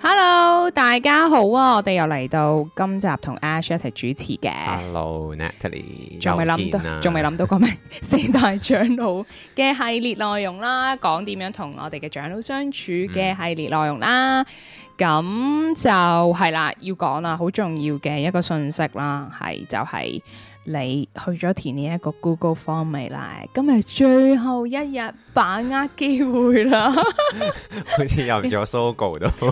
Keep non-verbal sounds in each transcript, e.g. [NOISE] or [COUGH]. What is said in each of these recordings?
Hello，大家好啊！我哋又嚟到今集同 Ash 一齊主持嘅。Hello，Natalie，仲未諗到，仲未諗到個咩四大長老嘅系列內容啦，講點 [LAUGHS] 樣同我哋嘅長老相處嘅系列內容啦。咁、嗯、就係啦，要講啦，好重要嘅一個信息啦，係就係、是。你去咗填呢一個 Google Form 未啦？今日最後一日把握機會啦，好似入咗 SOGO 度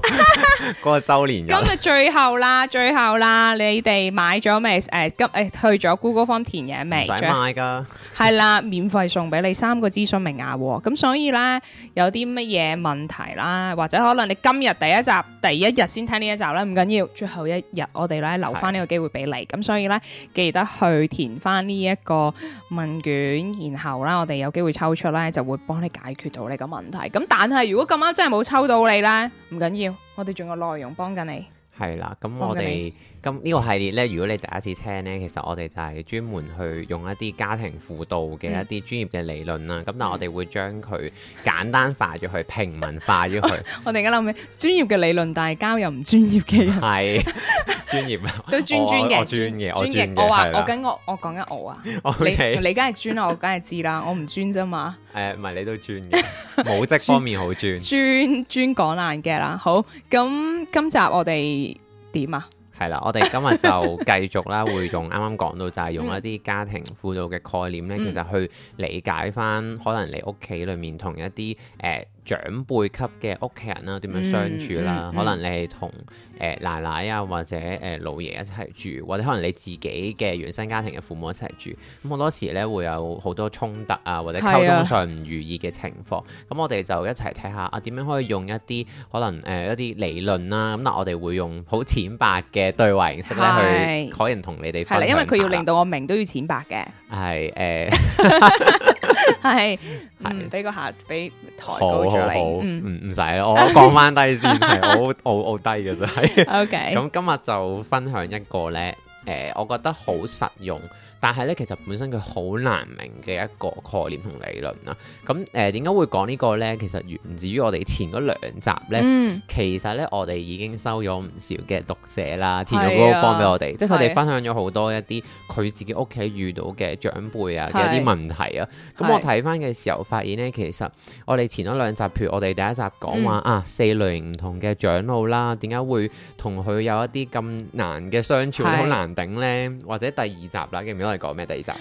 嗰個周年。今日最後啦，最後啦，你哋買咗未？誒，今誒去咗 Google Form 填嘢未？唔使買噶，係啦，免費送俾你三個諮詢名額。咁所以咧，有啲乜嘢問題啦，或者可能你今日第一集第一日先聽呢一集咧，唔緊要，最後一日我哋咧留翻呢個機會俾你。咁所以咧，記得去。填翻呢一個問卷，然後啦，我哋有機會抽出呢，就會幫你解決到你個問題。咁但係如果咁啱真係冇抽到你呢，唔緊要，我哋仲有內容幫緊你。係啦，咁、嗯嗯、我哋咁呢個系列呢，如果你第一次聽呢，其實我哋就係專門去用一啲家庭輔導嘅一啲專業嘅理論啦。咁、嗯、但係我哋會將佢簡單化咗去， [LAUGHS] 平民化咗去。 [LAUGHS] 我哋而家諗起專業嘅理論，但係交又唔專業嘅人，係是。 [LAUGHS] 專業啊，都專專嘅，專嘅，我話我跟個我，我講一我啊，Okay. 你你梗係專啦、啊， [LAUGHS] 我梗係知啦，我唔專啫嘛，誒唔係你都專嘅，母職方面好專， [LAUGHS] 專，專專講爛嘅啦，好，咁今集我哋點啊？係啦，我哋今日就繼續啦， [LAUGHS] 會用啱啱講到就係用一啲家庭輔導嘅概念咧，嗯、其實去理解翻可能你屋企裏面同一啲誒。呃長輩級嘅屋企人啦、啊，點樣相處啦、啊？嗯嗯、可能你係同誒奶奶啊，或者誒、呃、老爺一齊住，或者可能你自己嘅原生家庭嘅父母一齊住。咁、嗯、好多時咧，會有好多衝突啊，或者溝通上唔如意嘅情況。咁、嗯、我哋就一齊睇下啊，點樣可以用一啲可能誒、呃、一啲理論啦、啊。咁、嗯、嗱、呃，我哋會用好淺白嘅對話形式咧，是去確認同你哋係的因為佢要令到我明都要淺白嘅係誒。 [LAUGHS] 係係俾個下俾抬高咗你，唔唔使我降翻低先，好好好低嘅就係。OK，咁今日就分享一個咧，誒、呃，我覺得好實用。但係咧，其實本身佢好難明嘅一個概念同理論啦、啊。咁、嗯、誒，點解會講呢個咧？其實源自於我哋前嗰兩集咧。嗯、其實咧，我哋已經收咗唔少嘅讀者啦，填咗嗰個 form 俾、嗯、我哋，即係佢哋分享咗好多一啲佢自己屋企遇到嘅長輩啊，嘅一啲問題啊。咁是我睇翻嘅時候，發現咧，其實我哋前嗰兩集，譬如我哋第一集講話啊、嗯、啊，四類唔同嘅長老啦，點解會同佢有一啲咁難嘅相處，好難頂咧？是或者第二集啦，記唔記。講咩？第二集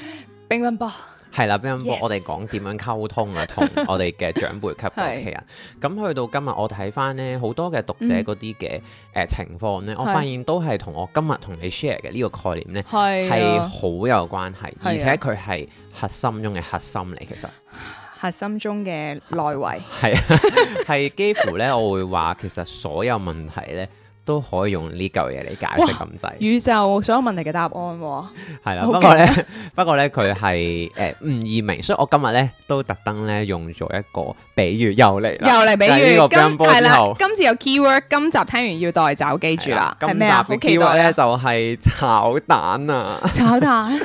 乒乓波係啦，乒乓波，波我哋講點樣溝通啊？同 [LAUGHS] 我哋嘅長輩級嘅屋企人咁去是到今日，我睇翻咧好多嘅讀者嗰啲嘅，誒情況咧，嗯、我發現都係同我今日同你 share 嘅呢個概念咧係係好有關係，的而且佢係核心中嘅核心嚟。其實核心中嘅內圍係係幾乎咧，我會話其實所有問題咧。都可以用呢嚿嘢嚟解釋，咁滯宇宙所有問題嘅答案喎，係啦。不過咧，不過咧，佢係誒唔易明，所以我今日咧都特登咧用咗一個比喻，又嚟啦，又嚟比喻。今係啦，今次有 key word，今集聽完要袋走，記住啦。今集嘅 key word 咧就係炒蛋啊！炒蛋，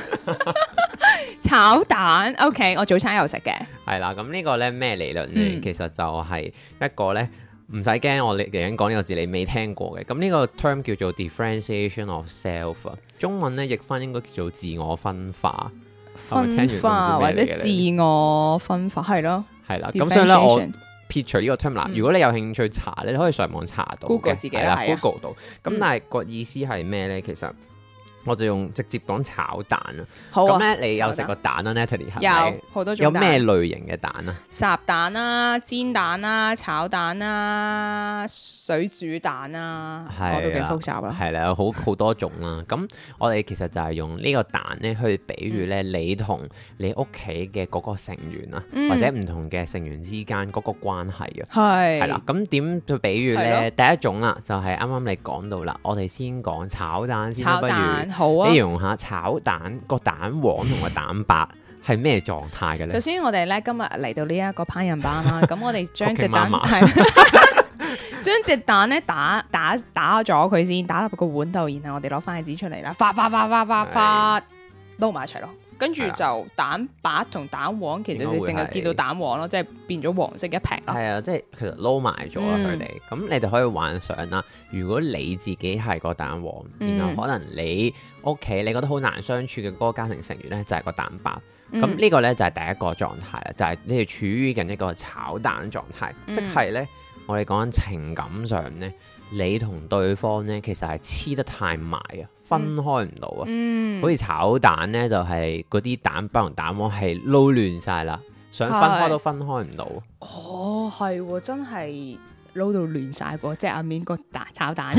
炒蛋。OK，我早餐又食嘅。係啦，咁呢個咧咩理論咧？其實就係一個咧。唔使驚，我而家講呢個字你未聽過嘅，咁呢個 term 叫做 differentiation of self，中文咧譯返應該叫做自我分化，分化或者自我分化，係咯，係啦的。咁 ensation 所以咧，我撇除呢個 term 啦。如果你有興趣查，嗯、你可以上網查到，Google 自己啦，Google 到。咁、嗯、但係個意思係咩咧？其實。我就用直接講炒蛋啊，咁咧你有食過蛋啊 Natalie，有好多種蛋，有咩類型嘅蛋啊？烚蛋啊、煎蛋啊、炒蛋啊、水煮蛋啊，講到幾複雜啊！係啦，好好多種啦。咁我哋其實就係用呢個蛋咧去比喻咧，你同你屋企嘅嗰個成員啊，或者唔同嘅成員之間嗰個關係啊。係。係啦。咁點去比喻咧？第一種啦，就係啱啱你講到啦，我哋先講炒蛋先不如。好啊，形容下炒蛋個蛋黃同個蛋白係咩狀態嘅咧？首先我哋咧今日嚟到呢一個烹飪班啦，咁 [LAUGHS] 我哋將隻蛋，係將隻蛋咧打打打咗佢先，打入個碗度，然後我哋攞筷子出嚟啦，發發發發發發，撈埋的一齊咯。跟住就蛋白同蛋黃，其實你淨係見到蛋黃咯，即係變咗黃色一片。係啊，即係其實撈埋咗佢哋。咁、嗯、你就可以幻想啦，如果你自己係個蛋黃，嗯、然後可能你屋企你覺得好難相處嘅嗰個家庭成員咧，就係、是、個蛋白。咁、嗯、呢個咧就係、是、第一個狀態啦，就係、是、你哋處於緊一個炒蛋狀態，嗯、即係咧我哋講緊情感上咧，你同對方咧其實係黐得太埋啊。分開唔到啊，好似、嗯、炒蛋呢，就係嗰啲蛋白同蛋黃係撈亂晒啦，想分開都分開唔到。哦，係，真係撈到亂晒個，即係阿 Min 個蛋炒蛋。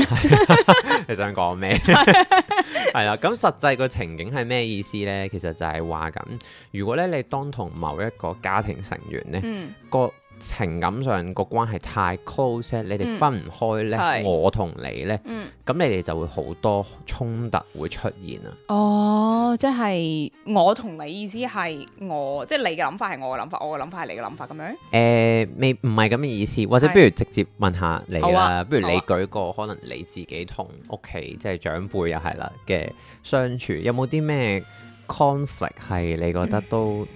[LAUGHS] [LAUGHS] 你想講咩？係啦的，咁 [LAUGHS] 實際個情景係咩意思呢？其實就係話咁，如果咧你當同某一個家庭成員呢。嗯、個。情感上個關係太 close，你哋分唔開呢？嗯、我同你咧，咁、嗯、你哋就會好多衝突會出現啦。哦，即係我同你意思係我，即係你嘅諗法係我嘅諗法，我嘅諗法係你嘅諗法咁樣。誒、呃，未唔係咁嘅意思，或者不如直接問下你啦。是不如你舉個、啊、可能你自己同屋企即係長輩又係啦嘅相處，有冇啲咩 conflict 係你覺得都？嗯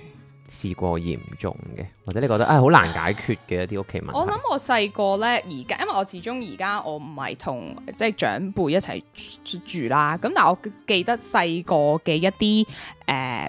試過嚴重嘅，或者你覺得啊好、哎、難解決嘅一啲屋企問題。我諗我細個咧，而家因為我始終而家我唔係同即係長輩一齊住住啦。咁但係我記得細個嘅一啲誒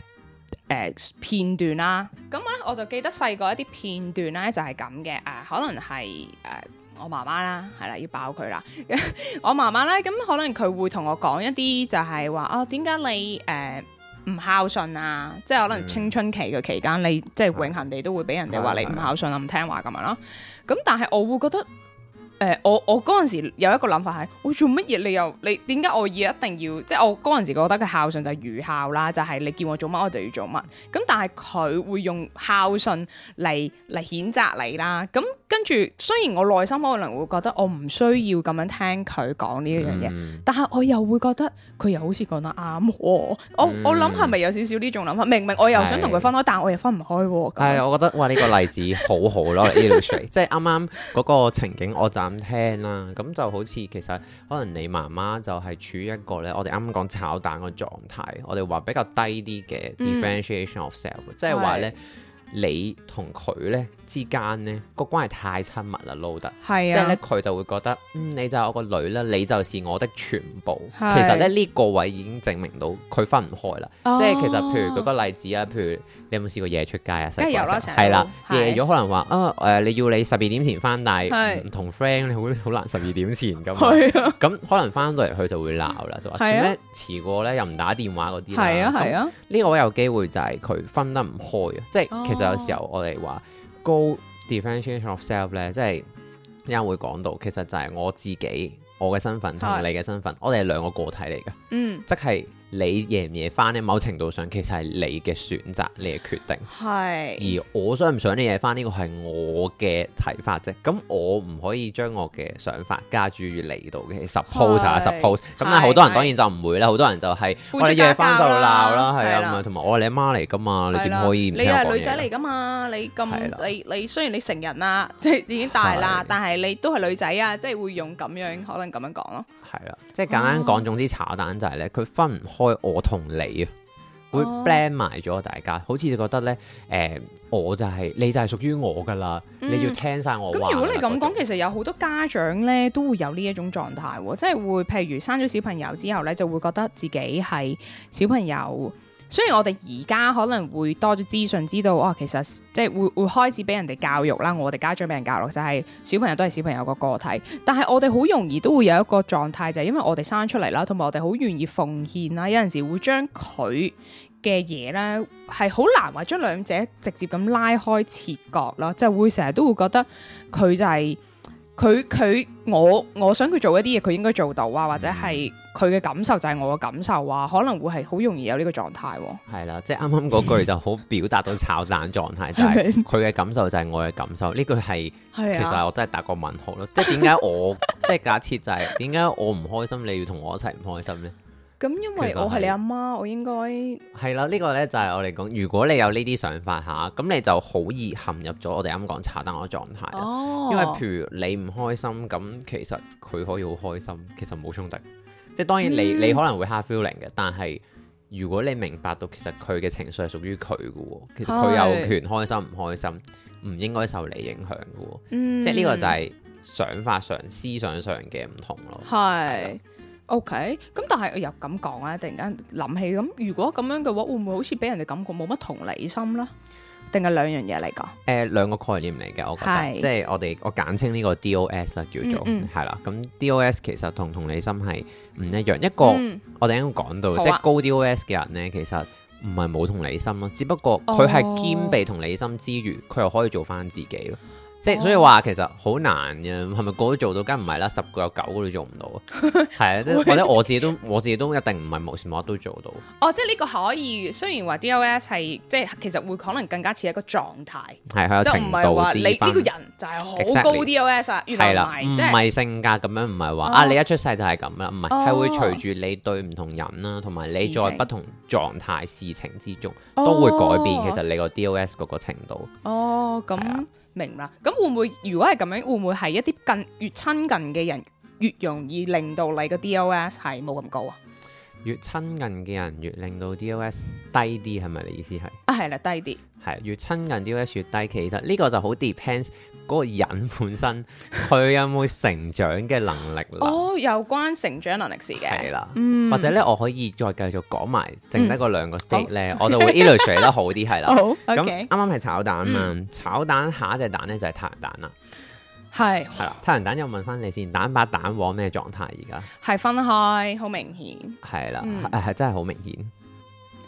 誒片段啦。咁咧我，我就記得細個一啲片段咧就係咁嘅。誒、呃、可能係誒、呃、我媽媽啦，係啦要爆佢啦。 [LAUGHS] 我媽媽咧，咁可能佢會同我講一啲就係話哦，點解你誒？呃唔孝順啊，即係可能青春期嘅期間，嗯、你即係永恆地都會俾人哋話你唔孝順啊，唔、嗯、聽話咁樣咯。咁、嗯、但係我會覺得，誒、呃，我我嗰陣時有一個諗法係，我做乜嘢你又你點解我要一定要？即係我嗰陣時覺得嘅孝順就係愚孝啦，就係、是、你叫我做乜我就要做乜。咁但係佢會用孝順嚟嚟譴責你啦，咁。跟住，雖然我內心可能會覺得我唔需要咁樣聽佢講呢一樣嘢，mm, 但係我又會覺得佢又好似講得啱。我我諗係咪有少少呢種諗法？明明我又想同佢分開，是但我又分唔開。係，我覺得哇！呢、這個例子好好咯，呢條即係啱啱嗰個情景，我就咁聽啦。咁就好似其實可能你媽媽就係處於一個咧，我哋啱啱講炒蛋嘅狀態。我哋話比較低啲嘅 differentiation of self，即係話咧。是 [LAUGHS] 你同佢咧之間咧個關係太親密啦，撈得，即係咧佢就會覺得，嗯，你就係我個女啦，你就是我的全部。其實咧呢個位已經證明到佢分唔開啦。即係其實譬如舉個例子啊，譬如你有冇試過夜出街啊？梗係有啦，係啦，夜咗可能話啊誒，你要你十二點前翻，但係唔同 friend 你好好難十二點前噶嘛。係啊，咁可能翻到嚟佢就會鬧啦，就話點咧遲過咧又唔打電話嗰啲啦。係啊係啊，呢個我有機會就係佢分得唔開啊，即係就有時候我哋話高 differentiation of self 咧，即係啱會講到，其實就係我自己，我嘅身份同埋你嘅身份，是的 我哋係兩個個體嚟嘅，嗯、即係。你夜唔夜返呢？某程度上其實係你嘅選擇，你嘅決定。係。而我想唔想你夜返呢個係我嘅睇法啫。咁我唔可以將我嘅想法加注於你度嘅。suppose 啊，suppose。咁但係好多人當然就唔會啦。好多人就係你夜返就鬧啦，係啊，同埋我係你阿媽嚟㗎嘛，你點可以？你係女仔嚟㗎嘛？你咁你你雖然你成人啦，即係已經大啦，但係你都係女仔啊，即係會用咁樣可能咁樣講咯。係啦，即係簡單講，總之炒蛋就係咧，佢分唔開我同你啊，哦、會 blend 埋咗大家，好似就覺得咧，誒、呃，我就係、是、你就係屬於我噶啦，嗯、你要聽晒我話、嗯。如果你咁講，種其實有好多家長咧都會有呢一種狀態喎、哦，即係會譬如生咗小朋友之後咧，就會覺得自己係小朋友。所以我哋而家可能會多咗資訊，知道哦，其實即係會會開始俾人哋教育啦。我哋家長俾人教育就係、是、小朋友都係小朋友個個體，但係我哋好容易都會有一個狀態，就係、是、因為我哋生出嚟啦，同埋我哋好願意奉獻啦，有陣時會將佢嘅嘢呢，係好難話將兩者直接咁拉開切割囉，即、就、係、是、會成日都會覺得佢就係、是。佢佢我我想佢做一啲嘢，佢應該做到啊，或者係佢嘅感受就係我嘅感受啊，可能會係好容易有呢個狀態。係啦，即係啱啱嗰句就好表達到炒蛋狀態， [LAUGHS] 就係佢嘅感受就係我嘅感受。呢句係其實我真係打個問號咯，即係點解我 [LAUGHS] 即係假設就係點解我唔開心，你要同我一齊唔開心呢？咁、嗯、因為我係你阿媽，媽，我應該係啦。呢、這個呢，就係、是、我哋講，如果你有呢啲想法嚇，咁、啊、你就好易陷入咗我哋啱啱講查單我嘅狀態啦。哦、因為譬如你唔開心，咁其實佢可以好開心，其實冇衝突。即係當然你，你、嗯、你可能會 hard feeling 嘅，但係如果你明白到其實佢嘅情緒係屬於佢嘅喎，其實佢有權開心唔開心，唔應該受你影響嘅喎。嗯、即係呢個就係想法上、嗯、思想上嘅唔同咯。係的。O K，咁但係又咁講啊！突然間諗起，咁如果咁樣嘅話，會唔會好似俾人哋感覺冇乜同理心咧？定係兩樣嘢嚟噶？誒，兩個概念嚟嘅，我覺得，即係我哋我簡稱呢個 D O S 啦，叫做係啦。咁 D O S 其實同同理心係唔一樣，一個我哋應該講到，即係高 D O S 嘅人咧，其實唔係冇同理心咯，只不過佢係兼備同理心之餘，佢又可以做翻自己咯。即係所以話其實好難嘅，係咪個個都做到？梗唔係啦，十個有九個都做唔到。係啊， [LAUGHS] 即係或者我自己都我自己都一定唔係無時無刻都做到。哦，即係呢個可以，雖然話 DOS 係即係其實會可能更加似一個狀態，係係有程度之分，唔係話你呢個人就係好高 DOS 啊？係啦 Exactly.，唔係性格咁樣，唔係話啊你一出世就係咁啦，唔係係會隨住你對唔同人啦、啊，同埋你在不同狀態事情之中情都會改變，其實你個 DOS 嗰個程度。哦，咁、哦。明啦，咁會唔會如果係咁樣，會唔會係一啲近越親近嘅人越容易令到你嘅 DOS 係冇咁高啊？越親近嘅人越令到 DOS 低啲，係咪？你意思係啊？係啦，低啲係越親近 DOS 越低，其實呢個就好 depends。嗰個人本身佢有冇成長嘅能力啦？哦，有關成長能力事嘅，係啦，或者咧我可以再繼續講埋，剩低嗰兩個 stage 咧，我就會 illustrate 得，好啲，係啦。好，咁啱啱係炒蛋啊嘛，炒蛋下一隻蛋咧就係太陽蛋啦。係，係啦，太陽蛋又問翻你先，蛋白蛋黃咩狀態而家？係分開，好明顯。係啦，係真係好明顯。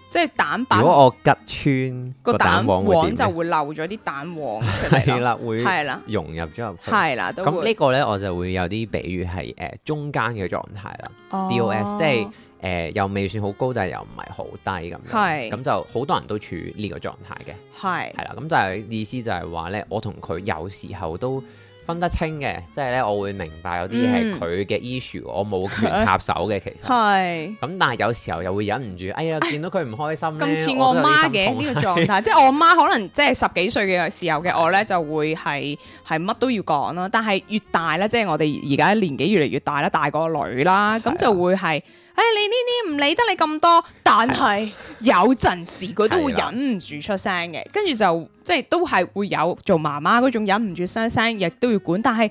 即係蛋白，如果我拮穿個蛋黃，蛋黃就會漏咗啲蛋黃。係啦， [LAUGHS] 會係啦，融入咗入去。係啦，咁呢個咧，我就會有啲比喻係誒、呃、中間嘅狀態啦。哦、DOS 即係誒、呃、又未算好高，但係又唔係好低咁樣。係咁是就好多人都處呢個狀態嘅。係係啦，咁就係、是、意思就係話咧，我同佢有時候都。分得清嘅，即係咧，我會明白有啲係佢嘅 issue，我冇權插手嘅，其實係。咁 [LAUGHS] 是但係有時候又會忍唔住，哎呀，見到佢唔開心咧。咁似、哎、我，我媽嘅呢個狀態， [LAUGHS] 即係我媽可能即係十幾歲嘅時候嘅我咧，就會係係乜都要講啦。但係越大咧，即、就、係、是、我哋而家年紀越嚟越大啦，大個女啦，咁的就會係。誒、哎，你呢啲唔理得你咁多，但係 [LAUGHS] 有陣時佢都會忍唔住出聲嘅， [LAUGHS] 跟住就即係都係會有做媽媽嗰種忍唔住聲聲，亦都要管。但係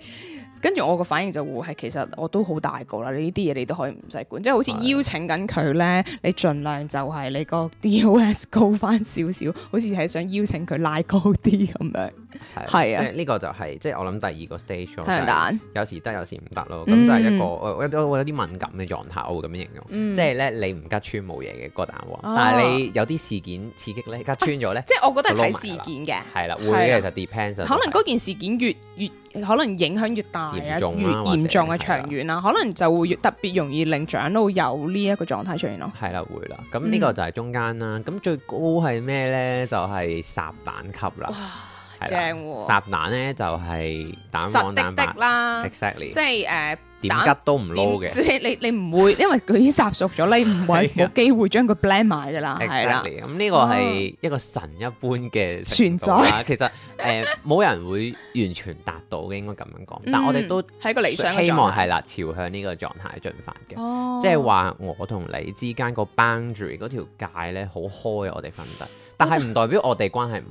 跟住我個反應就會係，其實我都好大個啦，你呢啲嘢，你都可以唔使管，即係好似邀請緊佢咧， [LAUGHS] 你盡量就係你個 DOS 高返少少，好似係想邀請佢拉高啲咁樣。係啊，即係呢個就係即係我諗第二個 stage 咯，有時得，有時唔得咯。咁就係一個我我我有啲敏感嘅狀態，我會咁樣形容。即係咧，你唔吉穿冇嘢嘅個蛋，但係你有啲事件刺激咧吉穿咗咧。即係我覺得係睇事件嘅。係啦，會嘅，就 depends 可能嗰件事件越越可能影響越大啊，越嚴重嘅長遠啊，可能就會越特別容易令長到有呢一個狀態出現咯。係啦，會啦。咁呢個就係中間啦。咁最高係咩咧？就係炸彈級啦。正喎，哦，烚蛋咧就係、是、蛋黃蛋白的的的啦，Exactly. 即係誒。呃點吉都唔撈嘅，即係你你唔會，因為佢已經殺熟咗你唔係冇機會將佢 blend 埋噶啦，係啦。咁呢個係一個神一般嘅存在啦。其實誒，冇人會完全達到，應該咁樣講。但我哋都係一個理想，希望係啦，朝向呢個狀態進發嘅。哦，即係話我同你之間個 boundary 嗰條界咧好開，我哋分得，但係唔代表我哋關係唔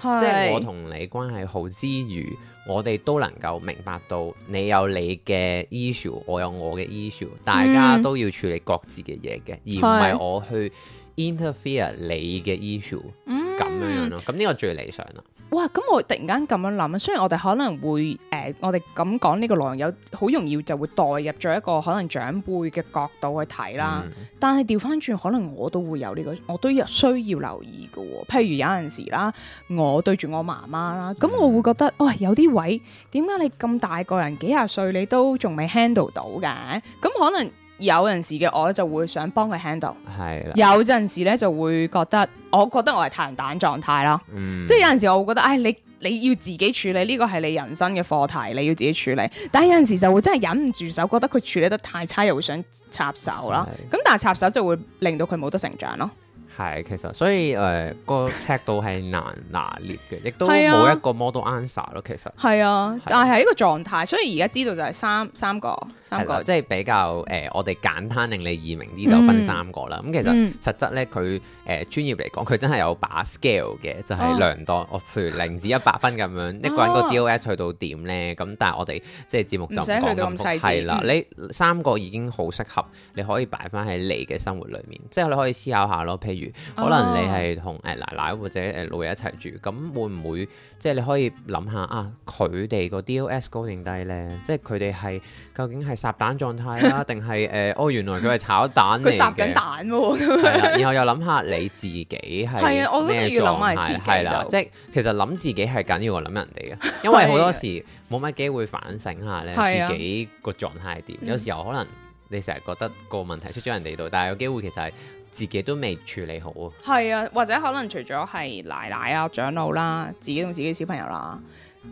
好。係，即係我同你關係好之餘。我哋都能夠明白到，你有你嘅 issue，我有我嘅 issue，大家都要處理各自嘅嘢嘅，而唔係我去 interfere 你嘅 issue。咁呢個最理想啦。哇！咁我突然間咁樣諗，雖然我哋可能會誒、呃，我哋咁講呢個內容有好容易就會代入咗一個可能長輩嘅角度去睇啦。嗯、但係調翻轉，可能我都會有呢、這個，我都要需要留意嘅、哦。譬如有陣時啦，我對住我媽媽啦，咁我會覺得，喂、嗯哎，有啲位點解你咁大個人幾廿歲，你都仲未 handle 到嘅？咁可能。有陣時嘅我就會想幫佢 handle，係啦。的有陣時咧就會覺得，我覺得我係彈彈狀態咯，即係、嗯、有陣時我會覺得，唉、哎，你你要自己處理，呢個係你人生嘅課題，你要自己處理。但係有陣時就會真係忍唔住手，覺得佢處理得太差，又會想插手啦。咁的但係插手就會令到佢冇得成長咯。係，其實所以誒個、呃、尺度係難拿捏嘅，亦都冇一個 model answer 咯。其實係啊，的的但係呢個狀態，所以而家知道就係三三個三個，三個即係比較誒、呃、我哋簡單令你耳明啲就分三個啦。咁、嗯、其實、嗯、實質咧，佢誒、呃、專業嚟講，佢真係有把 scale 嘅，就係、是、量度。我、啊、譬如零至一百分咁樣，啊、一個人個 DOS 去到點咧？咁但係我哋即係節目就唔講咁細緻啦、嗯嗯，你三個已經好適合，你可以擺翻喺你嘅生活裏面，即係你可以思考下咯。譬如。可能你係同誒奶奶或者誒老爺一齊住，咁會唔會即係你可以諗下啊？佢哋個 DOS 高定低咧？即係佢哋係究竟係烚蛋狀態啦，定係誒哦原來佢係炒蛋嚟嘅。佢烚緊蛋喎。係啦，然後又諗下你自己係咩狀態。係啦，即係其實諗自己係緊要過諗人哋嘅，因為好多時冇乜機會反省下咧自己個狀態係點，對啊、有時候可能。你成日覺得個問題出咗人哋度，但係有機會其實係自己都未處理好。係啊，或者可能除咗係奶奶啊、長老啦、啊、自己同自己小朋友啦、啊、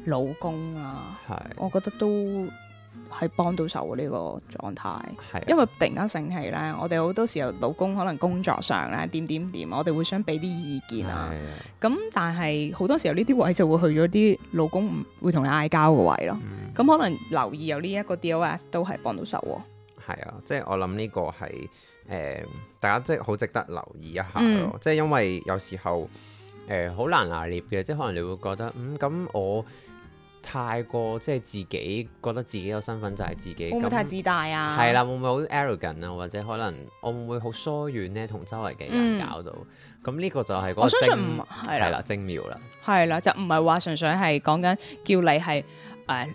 老公啊，啊我覺得都係幫到手呢、啊這個狀態。啊、因為突然間醒起，咧，我哋好多時候老公可能工作上咧點點點，我哋會想俾啲意見啊。咁、啊、但係好多時候呢啲位就會去咗啲老公唔會同你嗌交嘅位咯。咁、嗯、可能留意有呢一個 DOS 都係幫到手、啊。係啊，即係我諗呢個係誒、呃，大家即係好值得留意一下咯。嗯、即係因為有時候誒，好、呃、難拿捏嘅，即係可能你會覺得嗯，咁我太過即係自己覺得自己個身份就係自己，會唔會太自大啊？係啦，會唔會好 arrogant 啊？或者可能我會唔會好疏遠呢，同周圍嘅人搞到咁呢、嗯、個就係我相信係啦精，精妙啦，係啦，就唔係話純粹係講緊叫你係誒。Uh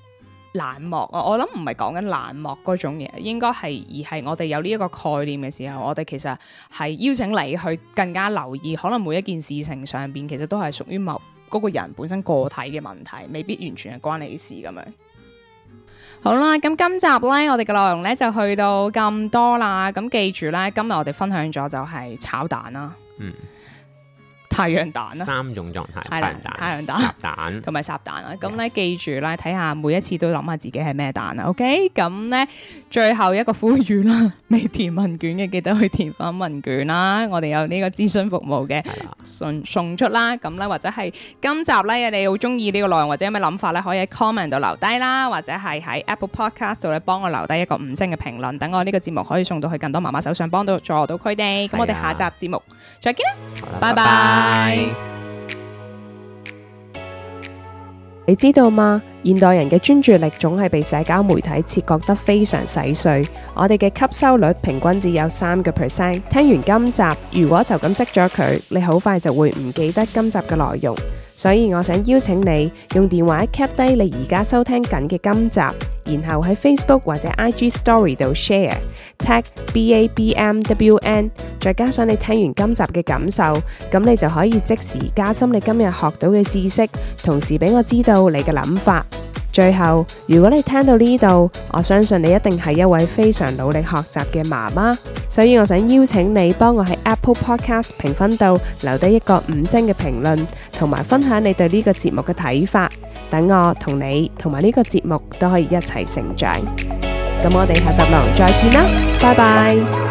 冷漠，我我諗唔係講緊冷漠嗰種嘢，應該係而係我哋有呢一個概念嘅時候，我哋其實係邀請你去更加留意，可能每一件事情上邊其實都係屬於某嗰個人本身個體嘅問題，未必完全係關你事咁樣。好啦，咁今集呢，我哋嘅內容呢就去到咁多啦。咁記住呢，今日我哋分享咗就係炒蛋啦。嗯。太陽蛋啦，三種狀態，太陽蛋、太陽蛋同埋撒蛋啊！咁咧、嗯，記住啦，睇下每一次都諗下自己係咩蛋啊。OK，咁、嗯、咧，最後一個呼籲啦，未填問卷嘅記得去填翻問卷啦。我哋有呢個諮詢服務嘅，嗯、送送出啦。咁、嗯、咧，或者係今集咧，你哋好中意呢個內容或者有咩諗法咧，可以喺 comment 度留低啦，或者係喺 Apple Podcast 度咧幫我留低一個五星嘅評論，等我呢個節目可以送到去更多媽媽手上，幫到助到佢哋。咁、嗯、我哋下集節目再見啦，拜拜、嗯。Bye bye 你知道嗎？現代人嘅專注力總係被社交媒體切割得非常細碎，我哋嘅吸收率平均只有三個 percent。聽完今集，如果就咁識咗佢，你好快就會唔記得今集嘅內容。所以我想邀請你用電話 cap 低你而家收聽緊嘅今集，然後喺 Facebook 或者 IG Story 度 share tag B A B M W N，再加上你聽完今集嘅感受，咁你就可以即時加深你今日學到嘅知識，同時俾我知道你嘅諗法。最後，如果你聽到呢度，我相信你一定係一位非常努力學習嘅媽媽，所以我想邀請你幫我喺 Apple Podcast 評分度留低一個五星嘅評論，同埋分享你對呢個節目嘅睇法，等我同你同埋呢個節目都可以一齊成長。咁我哋下集再見啦，拜拜。